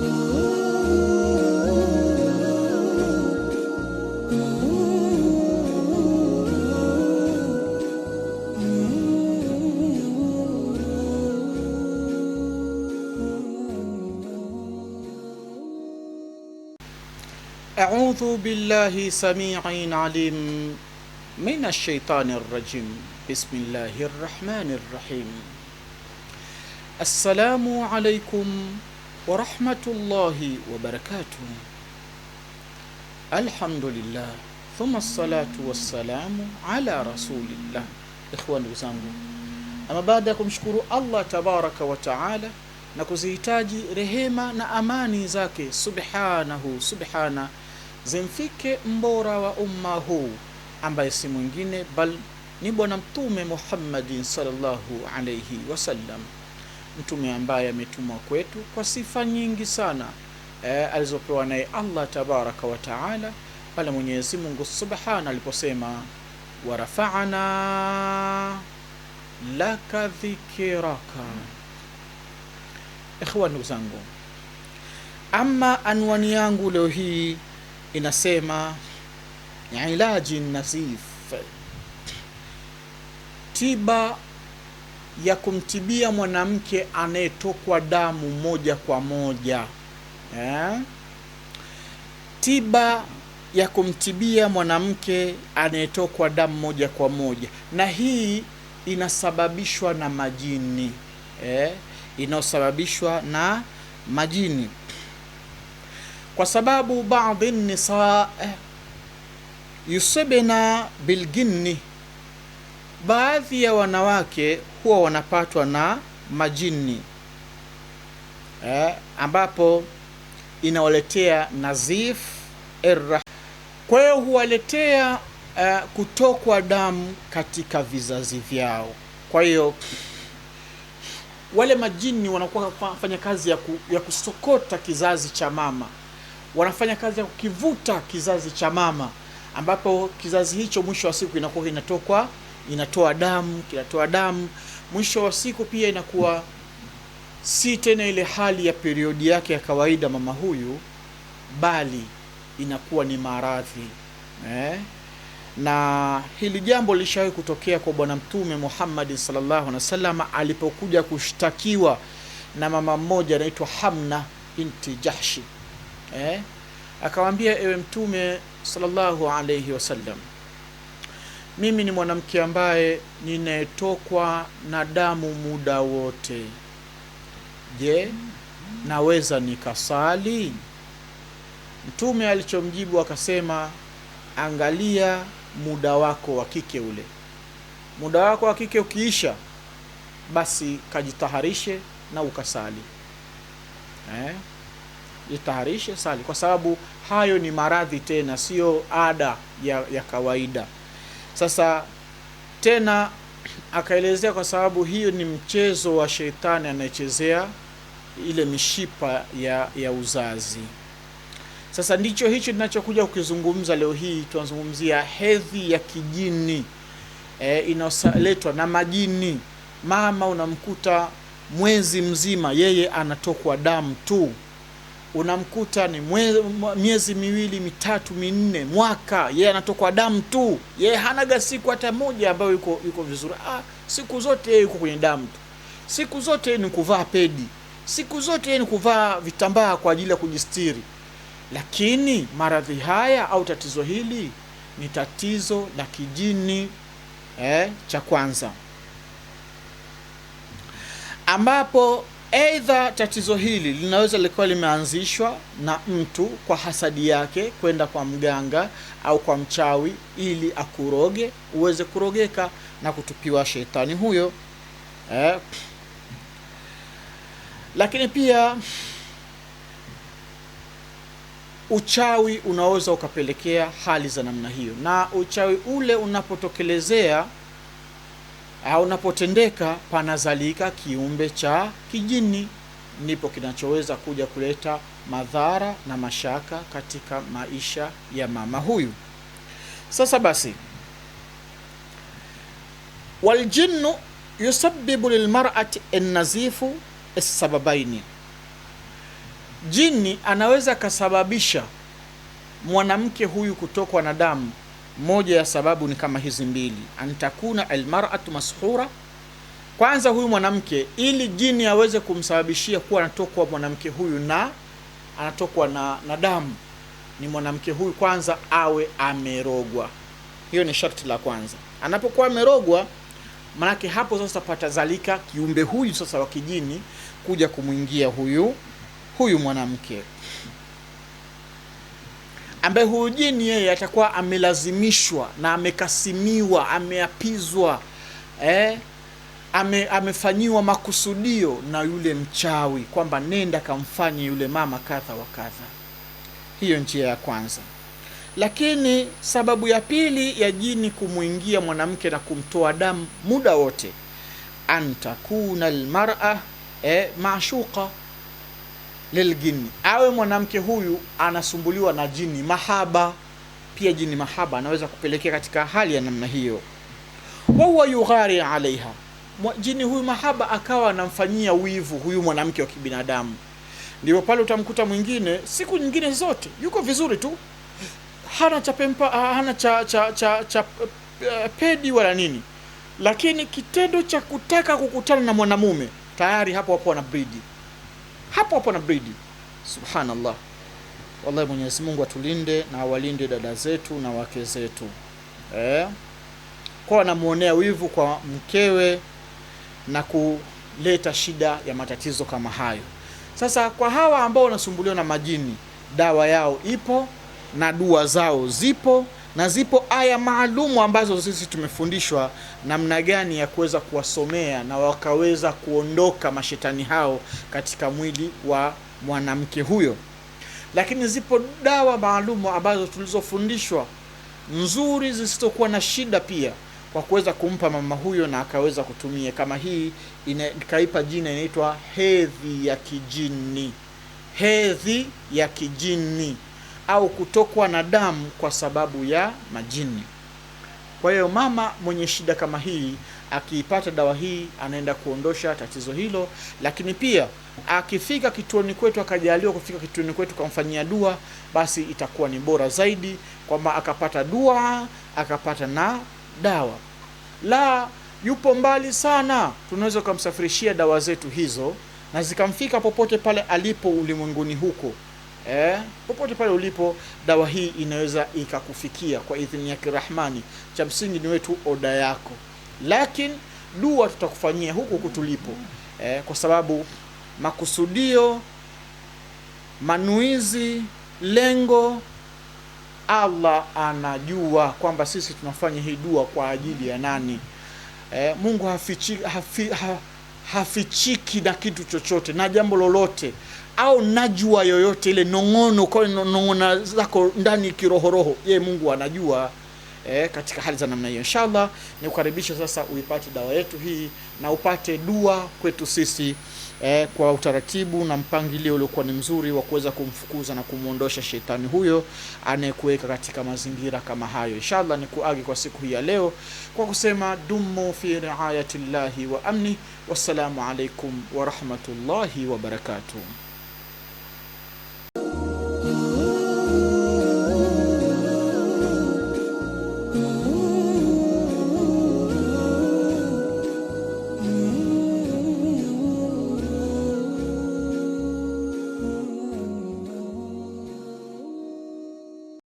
أعوذ بالله سميع عليم من الشيطان الرجيم بسم الله الرحمن الرحيم السلام عليكم wa rahmatullahi wa barakatuh. Alhamdulillah thumma salatu wassalamu ala rasulillah. Ikhwan, إخوان ama baada ya kumshukuru Allah tabaraka wa taala na kuzihitaji rehema na amani zake subhanahu subhana zimfike mbora wa umma huu ambaye si mwingine bal ni bwana mtume Muhammadin sallallahu alayhi wasallam mtume ambaye ametumwa kwetu kwa sifa nyingi sana e, alizopewa naye Allah tabaraka wa taala, pale Mwenyezi Mungu subhana aliposema warafa'na laka dhikiraka. Ikhwa, ndugu zangu, ama anwani yangu leo hii inasema ilaji nazif, tiba ya kumtibia mwanamke anayetokwa damu moja kwa moja eh? Tiba ya kumtibia mwanamke anayetokwa damu moja kwa moja, na hii inasababishwa na majini eh? Inayosababishwa na majini kwa sababu baadhi nisa eh, yusibna biljinni baadhi ya wanawake huwa wanapatwa na majini eh, ambapo inawaletea nazif erra. Kwa hiyo huwaletea eh, kutokwa damu katika vizazi vyao. Kwa hiyo wale majini wanakuwa fanya kazi ya, ku, ya kusokota kizazi cha mama, wanafanya kazi ya kukivuta kizazi cha mama, ambapo kizazi hicho mwisho wa siku inakuwa inatokwa inatoa damu, kinatoa damu. Mwisho wa siku pia inakuwa si tena ile hali ya periodi yake ya kawaida mama huyu, bali inakuwa ni maradhi eh? na hili jambo lishawahi kutokea kwa Bwana Mtume Muhammad sallallahu alaihi wasallam alipokuja kushtakiwa na mama mmoja anaitwa Hamna binti Jahshi eh? Akamwambia, ewe Mtume sallallahu alaihi wasallam mimi ni mwanamke ambaye ninayetokwa na damu muda wote. Je, naweza nikasali? Mtume alichomjibu akasema, angalia muda wako wa kike ule. Muda wako wa kike ukiisha, basi kajitaharishe na ukasali. Eh, jitaharishe, sali, kwa sababu hayo ni maradhi, tena siyo ada ya, ya kawaida. Sasa tena akaelezea, kwa sababu hiyo ni mchezo wa shetani, anayechezea ile mishipa ya, ya uzazi. Sasa ndicho hicho tunachokuja kukizungumza leo hii. Tunazungumzia hedhi ya kijini e, inayoletwa na majini. Mama unamkuta mwezi mzima yeye anatokwa damu tu unamkuta ni miezi miwili mitatu minne mwaka, yeye yeah, anatokwa damu tu yeye yeah, hanaga siku hata moja ambayo yuko yuko vizuri. Ah, siku zote yuko kwenye damu tu, siku zote ni kuvaa pedi, siku zote ni kuvaa vitambaa kwa ajili ya kujistiri. Lakini maradhi haya au tatizo hili ni tatizo la kijini eh, cha kwanza ambapo Aidha, tatizo hili linaweza likawa limeanzishwa na mtu kwa hasadi yake kwenda kwa mganga au kwa mchawi ili akuroge uweze kurogeka na kutupiwa shetani huyo eh. Lakini pia uchawi unaweza ukapelekea hali za namna hiyo, na uchawi ule unapotokelezea au napotendeka panazalika kiumbe cha kijini, ndipo kinachoweza kuja kuleta madhara na mashaka katika maisha ya mama huyu. Sasa basi, waljinnu yusabbibu lilmar'ati annazifu sababaini, jini anaweza kasababisha mwanamke huyu kutokwa na damu moja ya sababu ni kama hizi mbili, antakuna almar'atu mashura. Kwanza huyu mwanamke, ili jini aweze kumsababishia kuwa anatokwa mwanamke huyu na anatokwa na, na damu, ni mwanamke huyu kwanza awe amerogwa. Hiyo ni sharti la kwanza. Anapokuwa amerogwa, manake hapo sasa patazalika kiumbe huyu sasa wa kijini kuja kumwingia huyu huyu mwanamke ambaye huyu jini yeye atakuwa amelazimishwa na amekasimiwa, ameapizwa eh, ame, amefanyiwa makusudio na yule mchawi kwamba nenda kamfanye yule mama kadha wa kadha. Hiyo njia ya kwanza. Lakini sababu ya pili ya jini kumwingia mwanamke na kumtoa damu muda wote, antakuna almar'a eh, mashuqa liljini, awe mwanamke huyu anasumbuliwa na jini mahaba. Pia jini mahaba anaweza kupelekea katika hali ya namna hiyo. Wahuwa yughari alaiha, jini huyu mahaba akawa anamfanyia wivu huyu mwanamke wa kibinadamu. Ndipo pale utamkuta mwingine siku nyingine zote yuko vizuri tu, hana cha pempa, ah, hana cha cha cha, cha eh, pedi wala nini, lakini kitendo cha kutaka kukutana na mwanamume tayari hapo hapo anabridi hapo hapo na bridi. Subhanallah, wallahi, Mwenyezi Mungu atulinde na awalinde dada zetu na wake zetu eh? Kwa anamwonea wivu kwa mkewe na kuleta shida ya matatizo kama hayo. Sasa kwa hawa ambao wanasumbuliwa na majini, dawa yao ipo na dua zao zipo na zipo aya maalumu ambazo sisi tumefundishwa namna gani ya kuweza kuwasomea na wakaweza kuondoka mashetani hao katika mwili wa mwanamke huyo. Lakini zipo dawa maalumu ambazo tulizofundishwa nzuri, zisizokuwa na shida pia kwa kuweza kumpa mama huyo na akaweza kutumia. Kama hii ikaipa jina inaitwa hedhi ya kijini, hedhi ya kijini au kutokwa na damu kwa sababu ya majini. Kwa hiyo mama mwenye shida kama hii akiipata dawa hii anaenda kuondosha tatizo hilo, lakini pia akifika kituoni kwetu, akajaliwa kufika kituoni kwetu kamfanyia dua, basi itakuwa ni bora zaidi kwamba akapata dua akapata na dawa. La yupo mbali sana, tunaweza kumsafirishia dawa zetu hizo na zikamfika popote pale alipo ulimwenguni huko eh, popote pale ulipo, dawa hii inaweza ikakufikia kwa idhini ya Kirahmani. Cha msingi ni wetu oda yako, lakini dua tutakufanyia huku kutulipo eh, kwa sababu makusudio, manuizi, lengo Allah anajua kwamba sisi tunafanya hii dua kwa ajili ya nani. Eh, Mungu hafichi, hafi, ha, hafichiki na kitu chochote na jambo lolote au najua yoyote ile nong'ono kwa nong'ona zako ndani kirohoroho, ye Mungu anajua. eh, katika hali za namna hiyo, inshallah nikukaribisha sasa uipate dawa yetu hii na upate dua kwetu sisi eh, kwa utaratibu na mpangilio uliokuwa ni mzuri wa kuweza kumfukuza na kumwondosha shetani huyo anayekuweka katika mazingira kama hayo. Inshallah ni kuagi kwa siku hii ya leo kwa kusema dumu fi riayati llahi wa amni. Wassalamu alaikum warahmatullahi wabarakatuh.